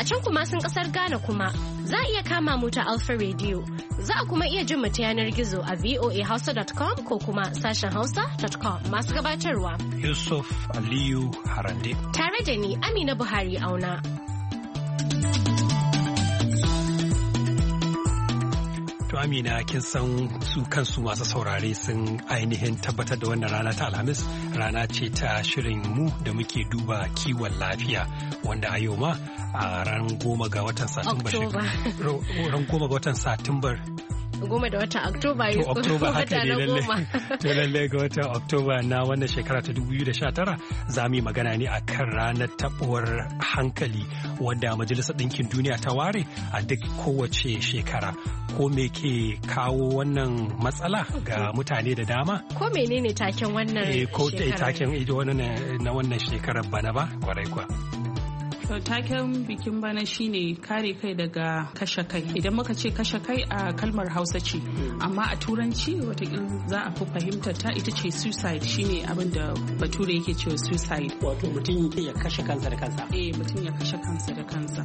A can kuma sun kasar Ghana kuma za a iya kama mu ta Alpha Radio. Za a kuma iya jin mu yanar gizo a voahausa.com ko kuma sashen hausa.com masu gabatarwa. Yusuf Aliyu Harande. Tare da ni Amina Buhari auna. To Amina kin san su kansu masu saurare sun ainihin tabbatar da wannan rana ta Alhamis rana ce ta shirin mu da muke duba kiwon lafiya wanda a yau ma a ran goma ga watan Satumbar. shekaru ran goma ga watan satumbar goma da watan oktoba to oktoba haka ne lalle to lalle ga watan oktoba na wannan shekara ta 2019 za mu yi magana ne akan ranar tabuwar hankali wanda majalisar ɗinkin duniya ta ware a duk kowace shekara ko me ke kawo wannan matsala ga mutane da dama ko menene taken wannan shekara eh, ko taken eh, na wannan shekarar bana ba kwarai kwa taken bikin bana shine kare kai daga kashe kai idan muka ce kashe kai a kalmar hausa ce amma a turanci watakila za a fi fahimtar ta ita ce suicide shine abin da bature yake cewa suicide wato mutum ya kashe kansa da kansa eh mutum ya kashe kansa da kansa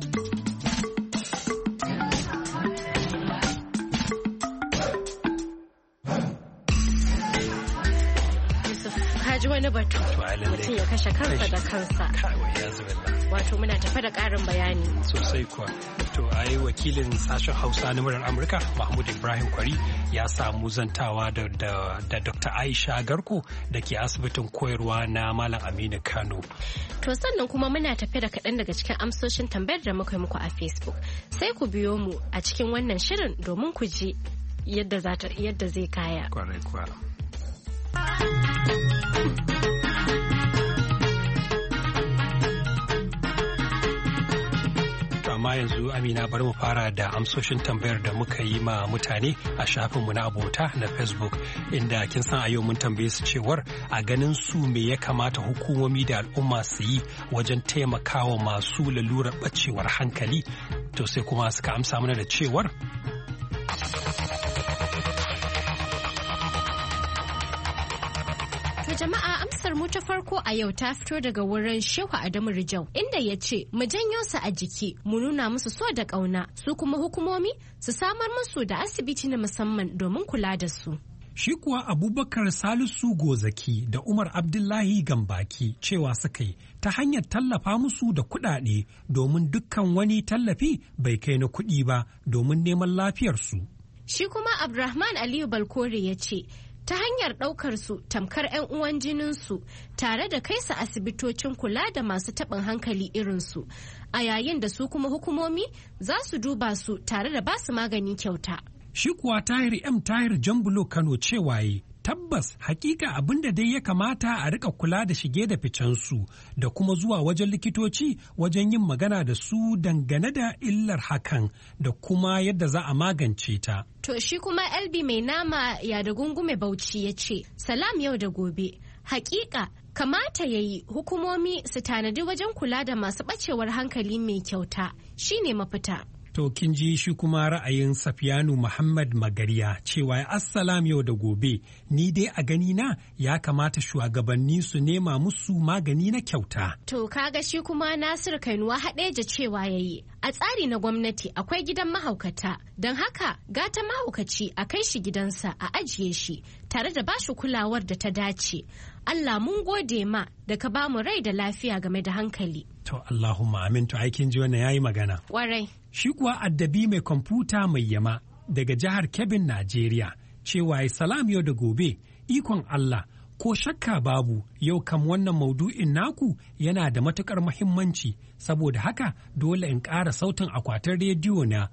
batu mutum ya kashe kansa da kansa wato muna tafa da ƙarin bayani sosai kuwa to yi wakilin sashen hausa na murar amurka mahmud ibrahim kwari ya samu zantawa da, dr aisha Garku da ke asibitin koyarwa na malam aminu kano to sannan kuma muna tafe da kaɗan daga cikin amsoshin tambayar da muka muku a facebook sai ku biyo mu a cikin wannan shirin domin ku ji yadda zai kaya. Kwarai amma yanzu amina bari mu fara da amsoshin tambayar da muka yi ma mutane a shafinmu na abota na facebook inda kin san a yau mun tambaye su cewar a ganin su me ya kamata hukumomi da al'umma su yi wajen taimakawa masu lalurar bacewar hankali to sai kuma suka amsa mana da cewar jama'a amsar mu ta farko a yau ta fito daga wurin Shehu Adamu Rijau inda ya ce mu janyo su a jiki mu nuna musu so da ƙauna su kuma hukumomi su samar musu da asibiti na musamman domin kula da su. Shi kuwa Abubakar Salisu Gozaki da Umar Abdullahi Gambaki cewa suka yi ta hanyar tallafa musu da kuɗaɗe domin dukkan wani tallafi bai kai na kuɗi ba domin neman lafiyarsu. Shi kuma Abdurrahman Aliyu Balkore ya ce, ta hanyar ɗaukar su tamkar 'yan uwan jinin su tare da kai su asibitocin kula da masu taɓin hankali irin su, a yayin da su kuma hukumomi za su duba su tare da basu magani kyauta. Shi kuwa Tahir M Tahir Jambulo Kano cewa tabbas hakika abin da dai ya kamata a rika kula da shige da ficensu da kuma zuwa wajen likitoci wajen yin magana da su dangane da illar hakan da kuma yadda za a magance ta. To shi kuma Albi mai nama ya da gungume bauchi ya ce, Salam yau da gobe, hakika kamata ya yi hukumomi su tanadi wajen kula da masu ɓacewar hankali mai kyauta shine mafita. To kin ji shi kuma ra'ayin Safiyanu Muhammad Magariya cewa assalam yau da gobe ni dai a gani na ya kamata shugabanni su nema musu magani na kyauta. To kaga shi kuma Nasiru Kainuwa da cewa yayi a tsari na gwamnati akwai gidan mahaukata don haka gata mahaukaci a kai shi gidansa a ajiye shi tare da ba shi kulawar da ta dace. Allah mun gode ma da ka mu rai da lafiya game da hankali. To Allahumma amin to aikin ji wannan yayi magana. Warai. Shi kuwa addabi mai kwamfuta mai yama daga jihar Kebbi Najeriya cewa salam yau da gobe ikon Allah ko shakka babu yau kam wannan maudu'in naku yana da matukar muhimmanci saboda haka dole in ƙara sautin akwatin rediyo na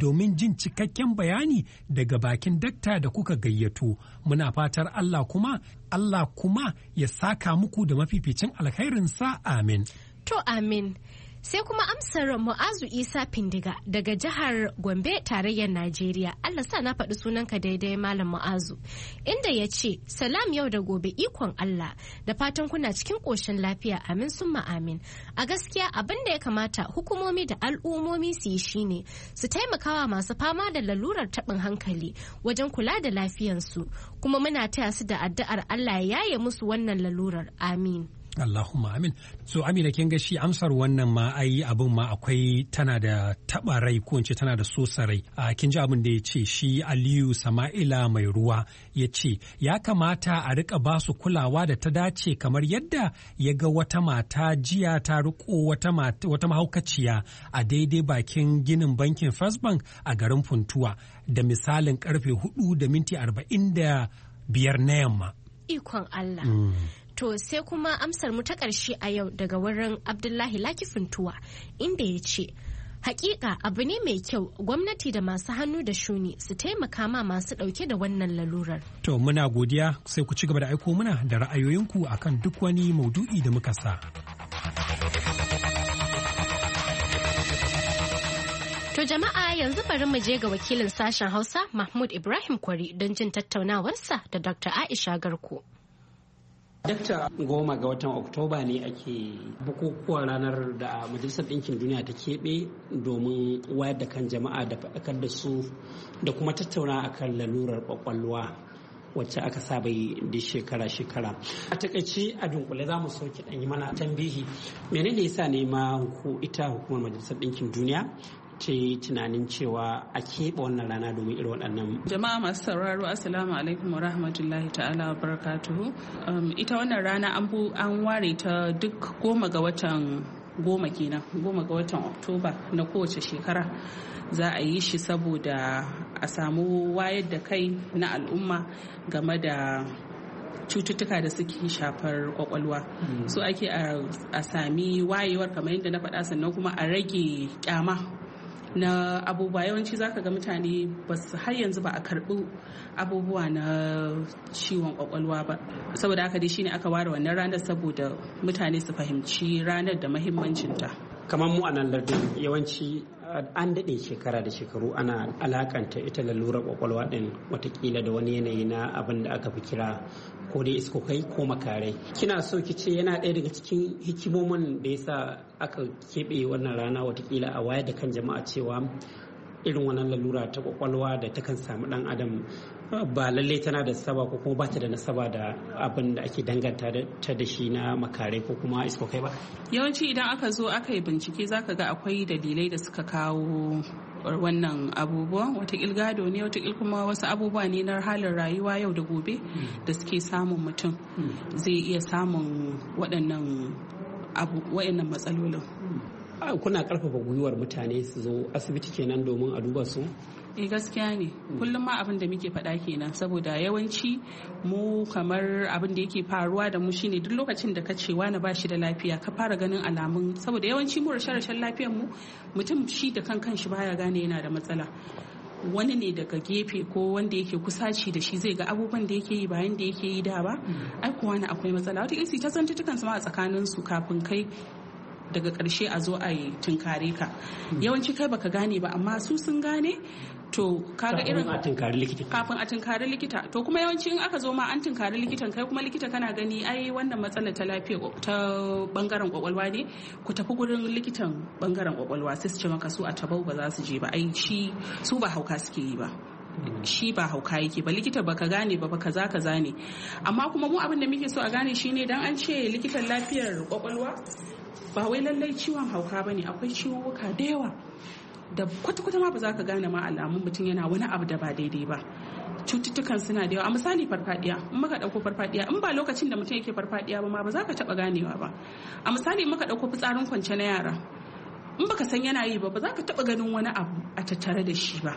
domin jin cikakken bayani daga bakin dakta da kuka gayyato muna fatar Allah kuma Allah kuma ya saka muku da mafificin alkhairinsa amin to amin Sai kuma amsar Mu'azu Isa Findiga daga jihar Gombe tarayyar Najeriya. Allah sa na faɗi sunanka daidai Malam Mu'azu. Inda ya ce, Salam yau da gobe ikon Allah, da fatan kuna cikin ƙoshin lafiya amin summa amin. A gaskiya abin da ya kamata hukumomi da al'ummomi su yi shine su taimakawa masu fama da lalurar taɓin hankali wajen kula da lafiyansu. Kuma muna taya su da addu'ar Allah ya yaye musu wannan lalurar. Amin. Allahumma amin. So Amina kin ga shi amsar wannan ma ai abin ma akwai tana da taɓa rai ko in ce tana da sosa rai. A ah, kin ji abin da ya ce shi Aliyu Sama'ila mai ruwa ya ce ya kamata a riƙa ba su kulawa da ta dace kamar yadda ya ga wata mata jiya ta riko wata mahaukaciya a daidai bakin ginin bankin First Bank a garin Funtuwa da misalin karfe hudu da minti arba'in da biyar na yamma. Ikon Allah. Mm. To sai kuma amsar mu ta ƙarshe a yau daga wurin Abdullahi Lakifintuwa inda ya ce, Hakika abu ne mai kyau gwamnati da masu hannu da shuni su taimaka ma masu ɗauke da wannan lalurar. To muna godiya sai ku ci gaba da aiko muna da ra'ayoyinku akan duk wani maudu'i da muka sa. To jama'a yanzu bari mu je ga wakilin sashen Hausa Mahmud Ibrahim Kwari don jin tattaunawarsa da Dr. Aisha Garko. Dakta goma ga watan Oktoba ne ake bukukuwa ranar da Majalisar Ɗinkin Duniya ta keɓe domin wayar da kan jama'a da faɗakar da su da kuma tattauna akan lalurar ƙwaƙwalwa. wacce aka saba yi da shekara-shekara a takaice a dunkule za mu ɗan ɗanyi mana tambihi menene yasa nema ma ita hukumar majalisar ɗinkin duniya ta yi tunanin cewa a keɓe wannan rana domin irin waɗannan. Jama'a masu sauraro Assalamu alaikum wa rahmatullahi ta'ala wa barakatuhu. Um, ita wannan rana an ware ta duk goma ga watan goma kenan goma ga watan oktoba na kowace shekara za a yi shi saboda a samu wayar da kai na al'umma game da cututtuka da suke shafar kwakwalwa hmm. so ake a sami wayewar kamar yadda na faɗa sannan kuma a rage kyama na abubuwa yawanci zaka ga mutane ba su har yanzu ba a karbi abubuwa na ciwon kwakwalwa ba saboda haka dai shine aka ware wannan ranar saboda mutane su fahimci ranar da mahimmancinta kamar mu a nan lardin yawanci an daɗe shekara da shekaru ana alakanta ita lalurar kwakwalwa ɗin watakila da wani yanayi na abin da aka fi kira ko dai iskokai ko makarai kina so ki ce yana ɗaya daga cikin hikimomin da ya sa aka keɓe wannan rana watakila a wayar da kan jama'a cewa irin wannan lalura ta kwakwalwa da ta kan samu dan adam ba lallai tana da saba ko kuma bata da nasaba da abin da ake danganta ta da shi na makare ko kuma iskokai ba yawanci idan aka zo aka yi bincike zaka ga akwai dalilai da suka kawo wannan abubuwa watakil gado ne watakil kuma wasu abubuwa ne na halin rayuwa yau da gobe da suke samun mutum hmm. zai iya samun waɗannan matsalolin hmm. kuna karfafa gwiwar mutane su zo asibiti kenan domin a duba su E gaskiya ne hmm. kullum ma abin da muke faɗa kenan saboda yawanci mu kamar abin da yake faruwa da mu shine duk lokacin da ka ce wani bashi da lafiya ka fara ganin alamun saboda yawanci mu rashe-rashen lafiyar mu mutum shi da kan kanshi baya gane yana da matsala wani ne daga gefe ko wanda yake kusa kusaci da shi zai ga abubuwan da yake yi bayan da yake yi da ba hmm. ai kuwa akwai matsala wata ta zanta tutukan ma a tsakanin su kafin kai daga karshe a zo a yi tunkare ka hmm. yawanci kai baka gane ba amma su sun gane to kaga irin kafin a tunkari likita to kuma yawanci in aka zo ma an tunkari likitan kai kuma likita kana gani ai wannan matsala ta lafiya ta bangaren kwakwalwa ne ku tafi gurin likitan bangaren kwakwalwa sai su ce maka su a tabau ba za su je ba ai shi su ba hauka suke yi ba hmm. shi ba hauka yake ba likita baka gane ba kaza kaza ne amma kuma mu abin da muke so a gane shine dan an ce likitan lafiyar kwakwalwa ba wai lallai ciwon hauka ba ne akwai ciwuwuka da yawa da kwata-kwata ma ba za ka gane ma alamun mutum yana wani abu da ba daidai ba cututtukan suna da yawa a misali farfadiya in maka dauko farfadiya in ba lokacin da mutum yake farfadiya ba ma ba za ka taba ganewa ba a misali in maka dauko fitsarin kwance na yara in baka san yana yi ba ba za ka taba ganin wani abu a tattare da shi ba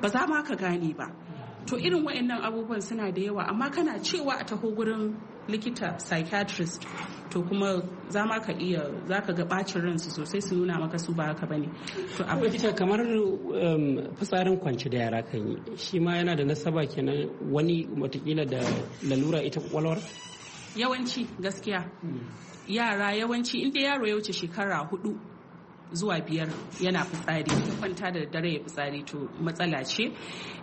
ba za ma ka gane ba to irin wayannan abubuwan suna da yawa amma kana cewa a taho gurin likita psychiatrist to kuma za ma ka iya za ka ga bacin ransu sosai su nuna maka su ba haka ba ne to a likita kamar um, fitsarin kwanci da yara kan yi shi ma yana da nasaba kenan wani watakila da lalura ita kwakwalwar yawanci gaskiya hmm. yara yawanci inda yaro ya wuce shekara hudu zuwa biyar yana fitsari ya kwanta da dare ya fitsari to matsala ce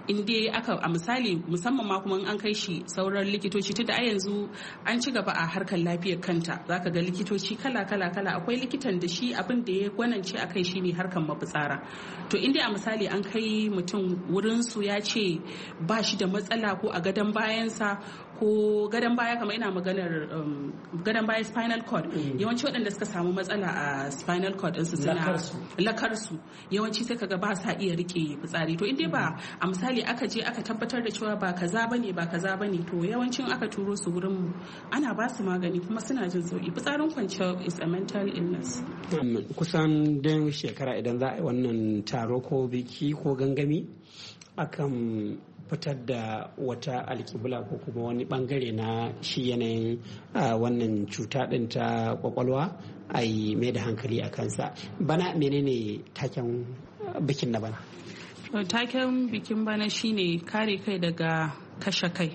in dai aka a misali musamman ma kuma an kai shi sauran likitoci tunda a yanzu an ci gaba a harkar lafiyar kanta zaka ga likitoci kala kala kala akwai likitan da shi abin da ya gwanance akai shine harkar mafitsara to in dai a misali an kai mutum wurin su ya ce ba shi da matsala ko a gadon bayansa ko gadon baya kamar ina maganar um, gadon baya spinal cord mm. yawanci waɗanda suka samu matsala a spinal cord su suna lakarsu yawanci sai kaga ba sa iya rike fitsari to in ba mm. a misali aka je aka tabbatar da cewa ba kaza bane ba kaza bane to yawancin aka turo su wurin ana ba su magani kuma suna jin sauki fitsarin kwanciya is a mental illness um, kusan dan shekara idan za a yi wannan taro ko biki ko gangami akan fitar da wata alkibla ko kuma wani bangare na shi yanayin wannan cuta ɗin ta kwakwalwa a yi mai da hankali a kansa bana menene taken bikin na bana taken bikin bana shine kare kai daga kashe kai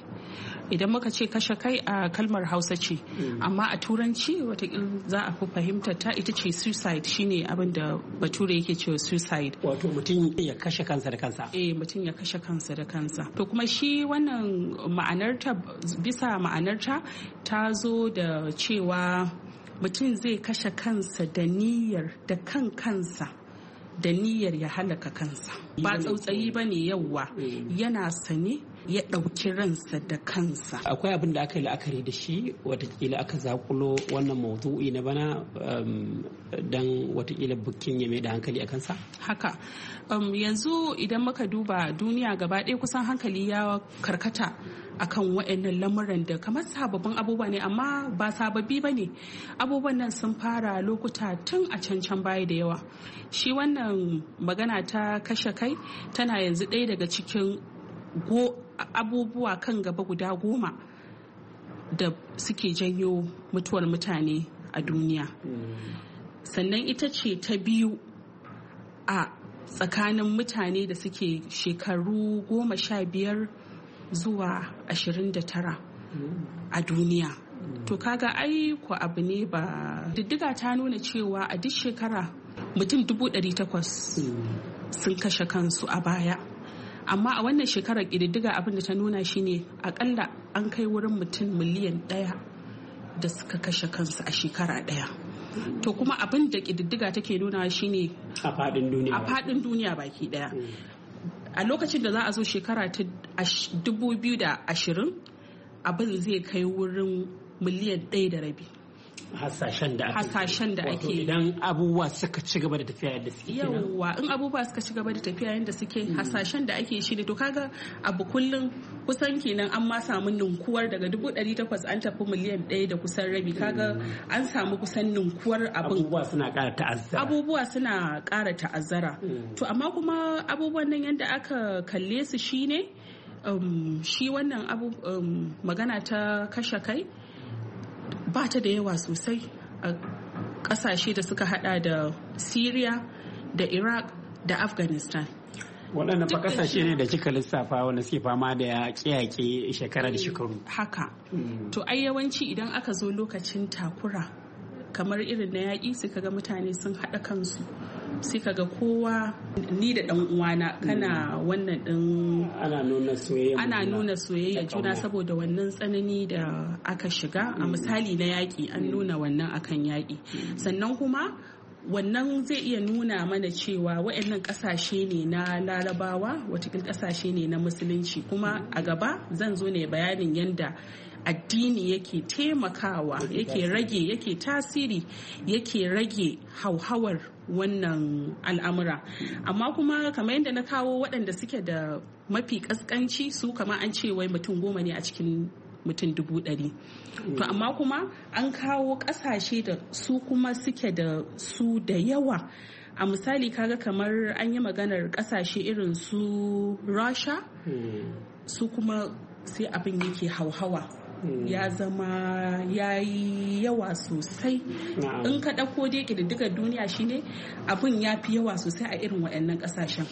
idan muka ce kashe kai a kalmar hausa ce mm. amma a turanci watakil za a fi fahimtar ta ita ce suicide shine abin da bature yake cewa suicide wato mutum ya kashe kansa da kansa eh mutum ya kashe kansa da kansa to kuma shi wannan ma'anarta bisa ma'anarta ta zo da cewa mutum zai kashe kansa da niyyar da kan kansa da niyyar ya halaka kansa ba tsautsayi ba ne yauwa mm. yana sane ya ɗauki ransa da kansa. Akwai abin da aka yi la'akari da shi watakila aka zakulo wannan maudu'i na bana um, don watakila bukin ya da hankali a kansa? Haka. Um, yanzu idan muka duba duniya gaba ɗaya kusan hankali ya karkata akan waɗannan lamuran da kamar sababbin abubuwa ne amma ba sababbi ba ne abubuwan nan sun fara lokuta tun a can can baya da yawa shi wannan magana ta kashe kai tana yanzu ɗaya daga cikin go abubuwa kan gaba guda goma da suke janyo mutuwar mutane a duniya sannan ita ce ta biyu a tsakanin mutane da suke shekaru goma sha biyar zuwa ashirin da tara a duniya to kaga ai ko abu ne ba diddiga ta nuna cewa a duk shekara mutum dubu ɗari takwas mm. sun kashe kansu a baya amma a wannan shekarar ƙididdiga abin da ta nuna shine akalla an kai wurin mutum miliyan ɗaya da suka kashe kansu a shekara ɗaya to kuma abin da ƙididdiga take nuna shine a faɗin duniya baki ɗaya mm. a lokacin da za a zo shekara ta ashirin abin zai kai wurin miliyan ɗaya da rabi hasashen da hasashen da ake idan abubuwa suka ci gaba da tafiya yadda suke Yawa in abubuwa suka ci gaba da tafiya yadda suke hmm. hasashen da ake shi ne to kaga abu kullum kusan kenan an ma samu ninkuwar daga dubu ɗari takwas an tafi miliyan ɗaya da kusan rabi kaga hmm. an samu kusan ninkuwar abin abubuwa suna ƙara ta'azzara abubuwa suna ƙara ta'azzara hmm. to amma kuma abubuwan nan yadda aka kalle su shine um, shi wannan um, magana ta kashe kai ba ta da yawa sosai a kasashe da suka hada da syria da iraq da afghanistan waɗanda ba kasashe ne da kika lissafa wanda suke fama da ya kiyake shekara da shekaru eh, haka hmm. to ai yawanci idan aka zo lokacin takura kamar irin na yaƙi suka ga mutane sun haɗa kansu sai ka ga kowa ni da dan uwana kana mm. wannan din ana nuna soyayya ana nuna soyayya juna saboda wannan tsanani da aka shiga a mm. misali na yaƙi an mm. nuna wannan akan yaƙi sannan kuma wannan zai iya nuna mana cewa waɗannan ƙasashe ne na larabawa watakin ƙasashe ne na musulunci kuma a gaba zan zo ne bayanin yadda addini yake taimakawa yake rage yake tasiri yake rage hauhawar wannan al'amura amma kuma kamar yadda na kawo waɗanda suke da mafi ƙasƙanci su kama an ce wai mutum goma ne a cikin mutum dubu ɗari to amma kuma an kawo ƙasashe da su kuma suke da su da yawa a misali kaga kamar an yi maganar ƙasashe irin su rasha hmm. su kuma sai abin yake hauhawa ya mm. zama ya yi yawa sosai in ka ɗauko dai ƙididdigar duniya shine abin ya fi yawa sosai a irin waɗannan ƙasashen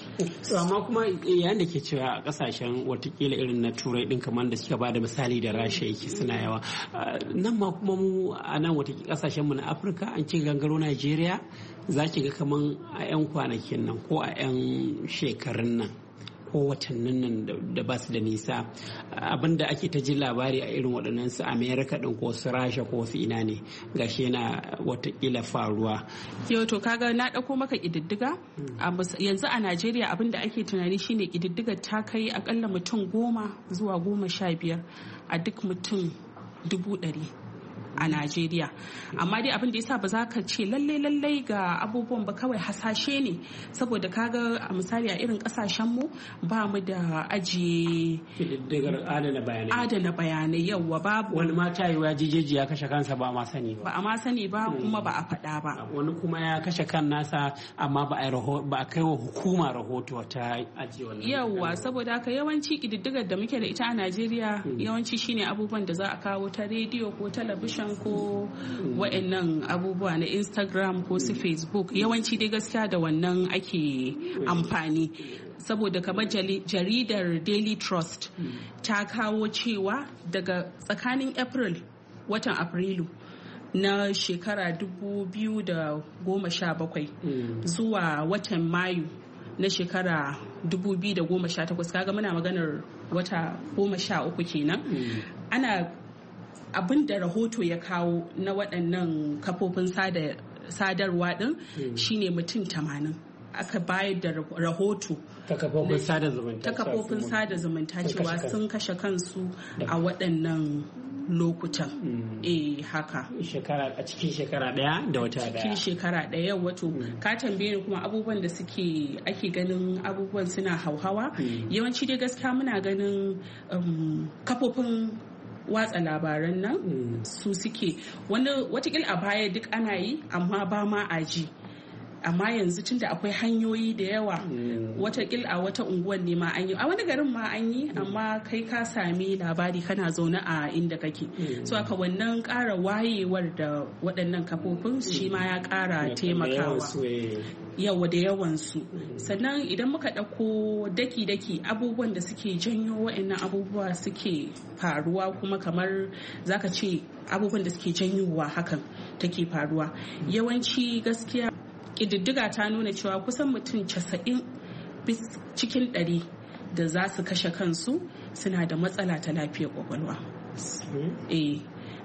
amma kuma eh, yayin da ke cewa a ƙasashen watakila irin na turai ɗin kamar da suka bada misali da rasha yake suna yawa eh, nan ma kuma mu a nan watakila ƙasashen mu na afirka an ci gangaro najeriya za ki ga kaman a 'yan kwanakin nan ko a 'yan shekarun nan ko watannin nan da ba su da nisa abinda ake ta ji labari a irin waɗannan su amerika ɗin ko su rasha ko su ina ne gashi yana watakila faruwa yau to kaga na ɗauko maka ƙididdiga hmm. yanzu a najeriya da ake tunani shine ƙididdiga ta kai akalla mutum goma zuwa goma sha biyar a duk mutum dubu ɗari a Najeriya amma dai abin da yasa ba za ka ce lalle lalle ga abubuwan ba kawai hasashe ne saboda kaga a misali a irin kasashen mu ba mu da aji adana bayanai adana bayanai yawa babu wani ma ta yiwa jijiji ya kashe kansa ba ma sani ba ba a ma sani ba hmm. kuma ba a faɗa ba wani kuma ya kashe kan nasa amma ba a kai wa hukuma rahoto ta aji wannan yawa saboda haka yawanci ƙididdigar da muke da ita a Najeriya hmm. yawanci shine abubuwan da za a kawo ta rediyo ko talabishin ko wa'annan abubuwa na instagram ko su mm. facebook yawanci dai gaskiya da wannan ake amfani saboda kamar jaridar daily trust mm. ta kawo cewa daga tsakanin april watan afrilu na shekara 2017 mm. zuwa watan mayu na shekara 2018 kaga muna maganar wata 13 kenan ana abin da rahoto ya kawo na waɗannan kafofin sadarwa ɗin hmm. shine mutum tamanin aka bayar da rahoto ta kafofin sada zumunta cewa sun kashe kansu a waɗannan lokutan hmm. eh haka shekara a cikin shekara daya da wata daya cikin shekara daya wato hmm. ka tambaye ni kuma abubuwan da suke ake ganin abubuwan suna hauhawa yawanci dai gaskiya muna ganin um, kafofin watsa labaran nan hmm. su suke wani watakila a baya duk ana yi amma ba ma a ji amma yanzu tunda akwai hanyoyi da yawa mm. watakil a wata unguwar ne ma an yi a wani garin ma an yi mm. amma kai ka sami labari kana zaune a inda kake mm. so aka wannan ƙara wayewar da waɗannan kafofin shi ma ya ƙara taimakawa yawa eh. da yawansu sannan idan muka ɗauko daki-daki abubuwan da suke janyo waɗannan abubuwa suke faruwa kuma kamar zaka ce abubuwan da suke janyowa hakan take faruwa yawanci gaskiya ƙididdiga ta nuna cewa kusan mutum 90 cikin 100 da za su kashe kansu suna da matsala ta lafiyar kwakwalwa eh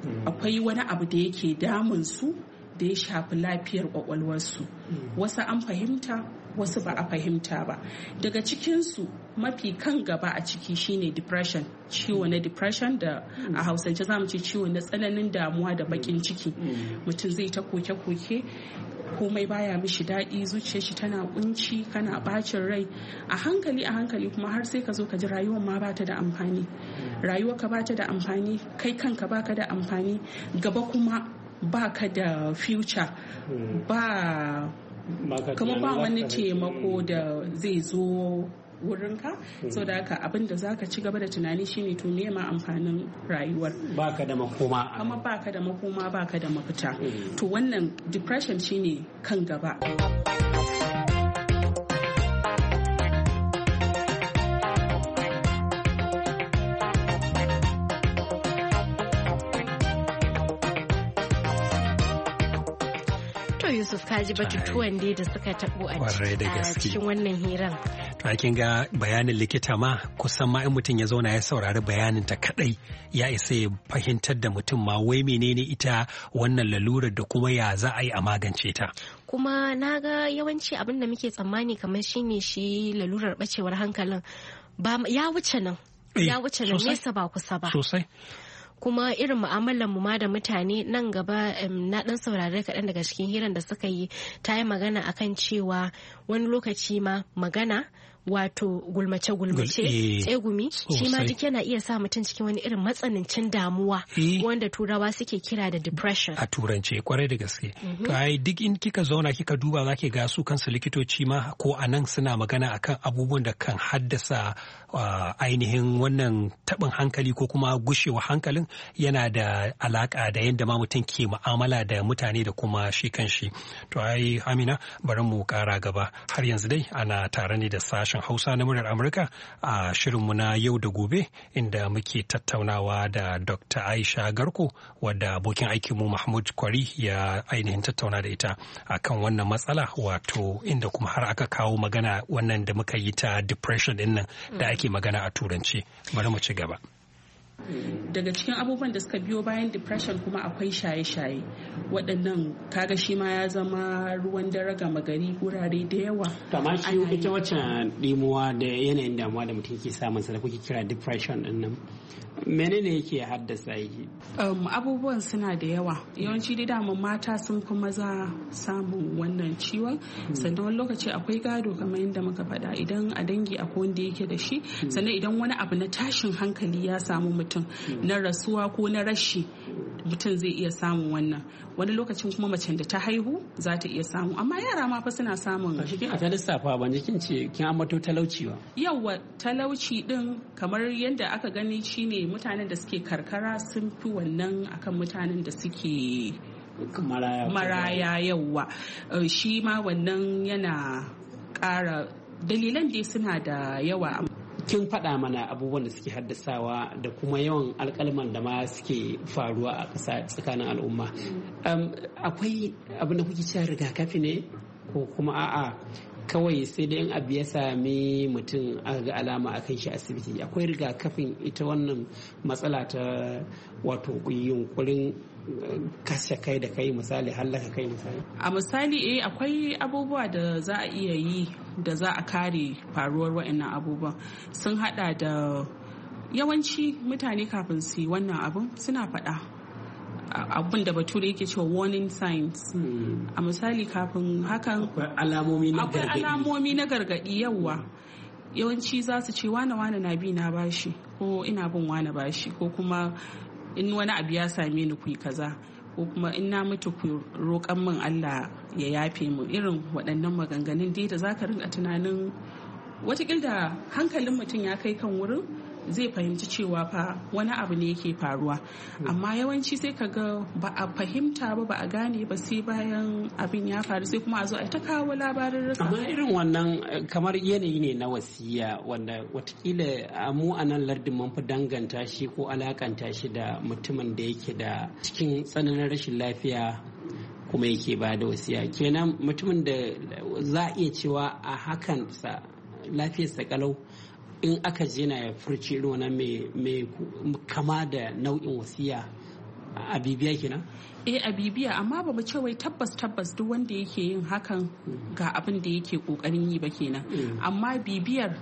hmm. akwai wani abu da yake damun su da ya shafi lafiyar kwakwalwarsu hmm. wasu an fahimta wasu ba a fahimta ba daga cikinsu mafi kan gaba a ciki shine depression ciwo na depression da a hmm. hausance zamu ce ciwo na tsananin damuwa da bakin ciki mutum zai ta koke-koke komai baya mishi daɗi zuciyar shi tana kunci kana bacin rai a hankali a hankali kuma har sai ka zo ka ji rayuwar ma bata da amfani rayuwar ka bata da amfani kai kanka baka da amfani gaba kuma baka da future hmm. ba ba wani taimako da zai zo wurinka hmm. so da haka abin da zaka ci gaba da tunani shine to nema amfanin rayuwar baka da makoma amma baka da makoma baka da mafita hmm. to wannan depression shine kan gaba Yusuf kaji batutuwan dai da suka tabo a cikin wannan hiran. To kin ga bayanin likita ma kusan ma in mutum ya zauna ya saurari bayanin ta kadai ya isa ya fahimtar da mutum ma wai menene ita wannan lalurar da kuma ya za a yi a magance ta. Kuma na ga yawanci abin da muke tsammani kamar shine shi lalurar bacewar hankalin ya wuce nan. Eh, ya wuce nan nesa ba kusa ba. Sosai. kuma irin mu'amalar mu ma da mutane nan gaba na dan saurare kaɗan daga cikin hirar da suka yi ta yi magana akan cewa wani lokaci ma magana wato gulmace-gulmace eh, tsegumi shi ma duk yana iya sa mutum cikin wani irin matsanancin damuwa eh. wanda turawa suke kira da depression a turance kwarai da gaske mhm. to ai duk in kika zauna kika duba zaki ga su kansu likitoci ma ko a nan suna magana akan abubuwan da kan haddasa ainihin wannan tabin hankali ko kuma gushewa hankalin yana da alaka da yadda ma mutum ke mu'amala da mutane da kuma shi kan shi to ai amina bari mu kara gaba har yanzu dai ana tare ne da sashen sashen Hausa na muryar Amurka a shirinmu na yau da gobe inda muke tattaunawa da Dr. Aisha Garko wadda abokin aikinmu Mahmud Kwari ya ainihin tattauna da ita A kan wannan matsala wato inda kuma har aka kawo magana wannan da muka yi ta depression din nan da ake magana a turanci bari mu ci gaba. daga cikin abubuwan da suka biyo bayan depression kuma akwai shaye-shaye waɗannan kaga shi ma ya zama ruwan dare gama gari gurare da yawa Kama shi ita wacce dimuwa da yanayin damuwa da mutum ke samun da kuke kira depression din nan menene yake haddasa yi um, abubuwan suna da yawa yawanci da damar mata sun fi maza samun wannan ciwon hmm. sannan wani lokaci akwai gado kamar yadda muka faɗa idan a dangi akwai wanda yake da shi hmm. sannan idan wani abu na tashin hankali ya samu mutum mutum na rasuwa ko na rashi mutum zai iya samun wannan wani lokacin kuma macen da ta haihu za ta iya samu amma yara ma fa suna samun a cikin ta lissafa ba ne kin ce kin amato talauci ba yawa talauci din kamar yadda aka gani shine mutanen da suke karkara sun fi wannan akan mutanen da suke maraya yawa eh, shi ma wannan yana ƙara dalilan dai suna da yawa kin faɗa mana abubuwan da suke haddasawa da kuma yawan alkalman da ma suke faruwa a ƙasa tsakanin al'umma akwai abin da kuke cewa rigakafi ne ko kuma a'a kawai sai dai in abu ya sami mutum aka ga alama a kan shi asibiti akwai rigakafin ita wannan matsala ta wato yunkurin kashe kai da kai misali hallaka kai misali a misali eh akwai abubuwa da za a iya yi da za a kare faruwar wa'annan abubuwan sun hada da yawanci mutane kafin su yi wannan abun suna faɗa abun da bature yake cewa warning signs hmm. a misali kafin hakan akwai alamomi na gargadi yawa yawanci za su ce wane wane na bi na bashi ko ina bin wane bashi ko kuma in wani abu ya same ni kuyi kaza ko kuma in na mutu ku roƙan min Allah ya yafe mu irin waɗannan maganganun dai da zaka rinka tunanin watakil da hankalin mutum ya kai kan wurin zai fahimci cewa fa wani abu ne yake faruwa hmm. amma yawanci sai ka ga ba a fahimta ba ba a gane ba sai bayan abin ya faru sai kuma a zo a ta kawo labarin amma irin wannan eh, kamar yanayi ne na wasiya wanda watakila ah, mu a nan lardin mun fi danganta shi ko alakanta shi da mutumin da yake da cikin tsananin rashin lafiya kuma yake ba da wasiya kenan mutumin da za a iya cewa a hakan lafiyarsa kalau in aka je na ya furci irin wannan mai kama da nau'in wasiya a bibiya kenan eh a bibiya amma ba mu ce wai tabbas tabbas duk wanda yake yin hakan ga abin da yake kokarin yi ba kenan mm. amma bibiyar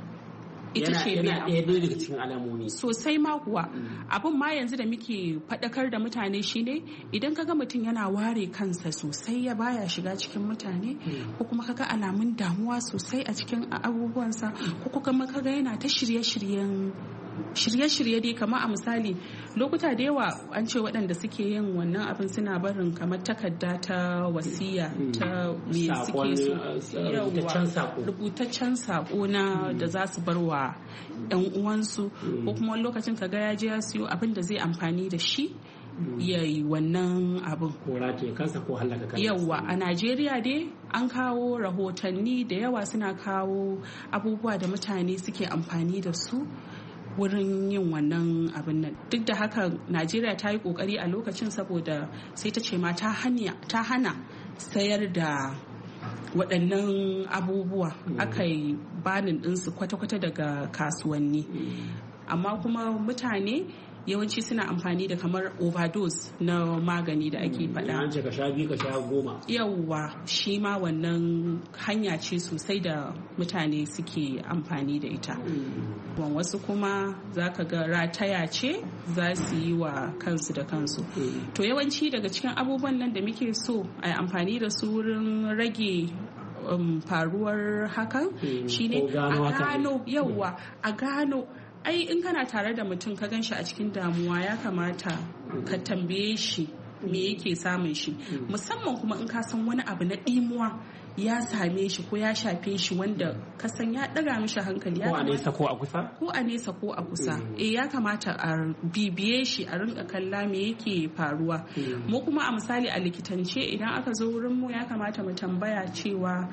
ita ce yana ɗaya daga cikin alamomi sosai ma kuwa abin ma yanzu da muke faɗakar da mutane shine idan kaga mutum yana ware kansa sosai ya baya shiga cikin mutane hmm. ko kuma kaga alamun damuwa sosai a cikin abubuwansa ko kuma kaga yana ta shirye-shiryen shirye-shirye dai kama a misali lokuta da yawa an ce waɗanda suke yin wannan abin suna barin kamar takarda ta wasiya ta mai suke su eh, rubutaccen sako na da za su bar wa yan uwansu ko mm. kuma wani lokacin ka ga ya je ya siyo abin da zai amfani da shi mm. ya yi wannan abin yawwa a najeriya dai an kawo rahotanni da yawa suna kawo abubuwa da mutane suke amfani da su wurin yin wannan abin nan duk da haka najeriya ta yi kokari a lokacin saboda sai ta ce ma ta hana sayar da waɗannan abubuwa mm. aka yi banin ɗinsu kwata-kwata daga kasuwanni mm. amma kuma mutane yawanci suna amfani da kamar overdose na magani da ake mm, faɗa. Yawanci ka sha biyu ka sha goma. Yawwa shi ma wannan hanya ce sosai da mutane suke amfani da ita. Mm. Wasu kuma za ka ga rataya ce za su yi wa kansu da kansu. Mm. To yawanci daga cikin abubuwan nan da muke so a yi amfani da su wurin rage um, faruwar hakan shine a gano yawwa a gano ai in kana tare da mutum ka gan shi a cikin damuwa ya kamata ka tambaye shi me yake samun shi musamman kuma in ka san wani abu na ɗimuwa ya same shi ko ya shafe shi wanda ka san ya daga mishi hankali ko a nesa ko a kusa ko a nesa ko a kusa mm. eh ya kamata a bibiye shi a rinka kalla me yake faruwa mm. mu kuma a misali a likitance idan aka zo wurin mu ya kamata mu tambaya cewa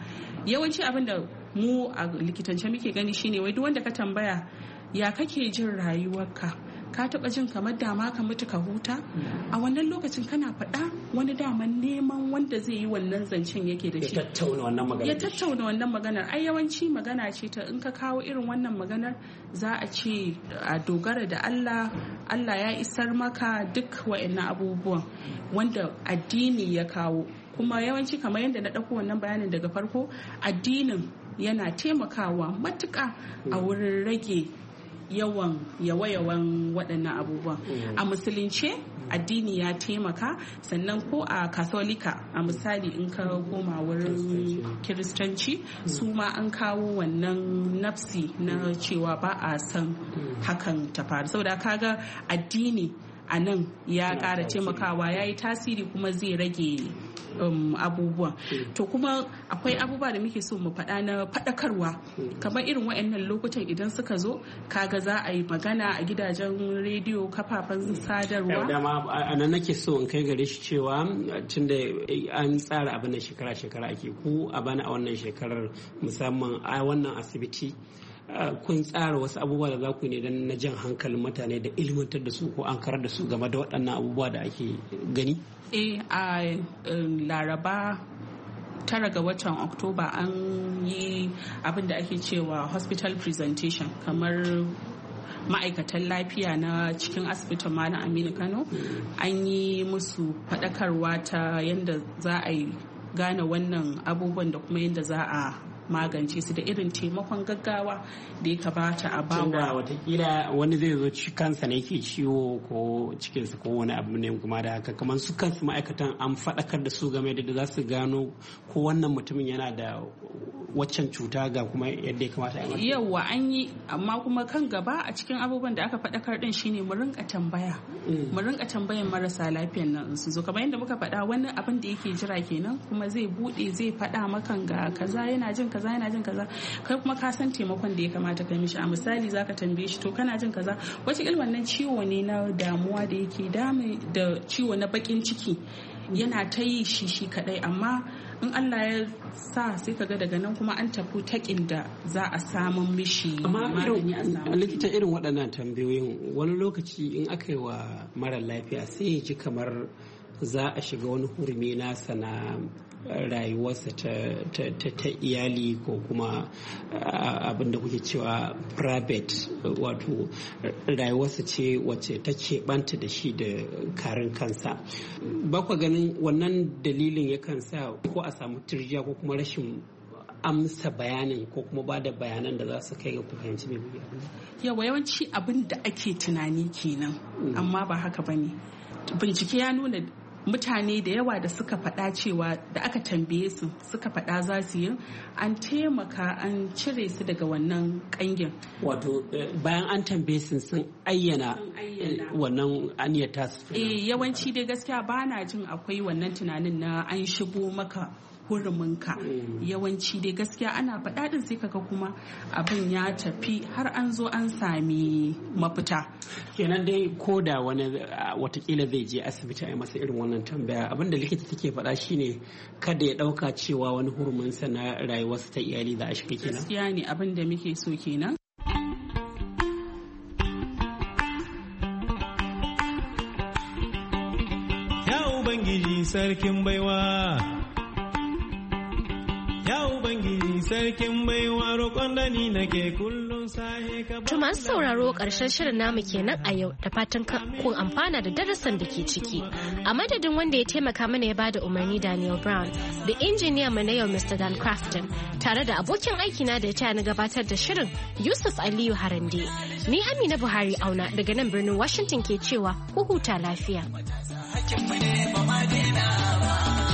yawanci abin da mu a likitance muke gani shine wai duk wanda ka tambaya ya kake jin rayuwarka ka taba jin kamar dama ka mutu ka huta a wannan lokacin kana faɗa wani daman neman wanda zai yi wannan zancen yake da shi ya tattauna wannan maganar ai yawanci magana ce ta in ka kawo irin wannan maganar za a ce a dogara da Allah Allah ya isar maka duk wa'annan abubuwan wanda addini ya kawo kuma yawanci kamar yadda na ɗauko wannan bayanin daga farko addinin yana taimakawa matuka a hmm. wurin rage yawan yawayawan waɗannan abubuwan a mm. musulunce addini ya taimaka sannan ko a katolika a misali in ka koma wurin kiristanci mm. su ma an kawo wannan nafsi na mm. cewa ba a san hakan ta faru saboda kaga addini a nan ya kara taimakawa ya yi tasiri kuma zai rage um, abubuwan hmm. to kuma akwai abubuwa da muke so mu faɗa na faɗakarwa hmm. kamar irin waɗannan lokutan idan suka zo kaga za a yi magana a gidajen rediyo kafafen hmm. sadarwa dama a nan nake so in kai gare shi cewa tunda an tsara abin da shekara-shekara ake ku a bana a wannan shekarar musamman a wannan asibiti Uh, kun tsara wasu abubuwa da za ku ne don na jan hankalin mutane da ilimantar da su ko an karar da su game da waɗannan abubuwa da ake gani? Eh a um, laraba tara ga watan oktoba an yi abin da ake cewa hospital presentation kamar ma'aikatan lafiya na cikin asibitin ma na aminu kano mm. an yi musu faɗakarwa ta yadda za a yi gane wannan abubuwan da kuma yadda za a magance su da irin taimakon gaggawa da ya kamata a bawa watakila wani zai zo kansa ne yake ciwo ko cikinsa ko wani abu ne kuma da haka kamar su kansu ma'aikatan an faɗakar da su game da za su gano ko wannan mutumin yana da waccan cuta ga kuma yadda ya kamata a yi an yi amma kuma kan gaba a cikin abubuwan da aka faɗakar din shine mu rinka tambaya mm. mu rinka tambayan marasa lafiyan nan su zo kamar yadda muka faɗa wani abin da yake jira kenan kuma zai buɗe zai faɗa makan ga kaza yana jin kaza yana jin kaza kai kuma ka san taimakon da ya kamata kai mishi a misali zaka tambaye shi to kana jin kaza wace wannan ciwo ne na damuwa da yake dame da ciwo na bakin ciki yana ta yi shi shi kadai amma in Allah ya sa sai kaga daga nan kuma an tafi takin da za a samun mishi amma likita irin waɗannan tambayoyin wani lokaci in aka yi wa mara lafiya sai ya ji kamar za a shiga wani hurumi nasa na rayuwarsa ta iyali ko kuma abin da kuke cewa private wato rayuwarsa ce wacce ta banta da shi da karin kansa bakwa ganin wannan dalilin yakan sa ko a samu turjiya ko kuma rashin amsa bayanin ko kuma ba da bayanan da za su kai ga fahimci mai yawa yawanci abin da ake tunani kenan mm. amma ba haka ba ne bincike ya nuna mutane da yawa da suka faɗa cewa da aka tambaye su suka faɗa za su yi an taimaka an cire su daga wannan ƙangin wato eh, bayan an tambaye su sun ayyana eh, wannan aniyar tasu eh, yawanci dai gaskiya ba na jin akwai wannan tunanin na an shigo maka ka yawanci dai gaskiya ana faɗa ɗin sai kaga kuma abin ya tafi har an zo an sami mafita kenan dai ko da wani ah, watakila zai je asibiti a masa irin wannan tambaya abinda likita take faɗa shine kada ya ɗauka cewa wani sa na rayuwarsa ta iyali za a shiga kenan gaskiya ne abin da muke so kenan ya ubangiji sarkin baiwa Ya Ubangiji sarkin baiwa roƙon dani nake kullum sahe ka masu sauraro ƙarshen shirin namu kenan a yau da fatan kun amfana da darasin da ke ciki. A madadin wanda ya taimaka mana ya bada umarni Daniel Brown da injiniya mu na yau Mr. Dan Crafton tare da abokin aikina da ya ta na gabatar da shirin Yusuf Aliyu Harande. Ni Amina Buhari Auna daga nan birnin Washington ke cewa ku huta lafiya. ne ba ma ba.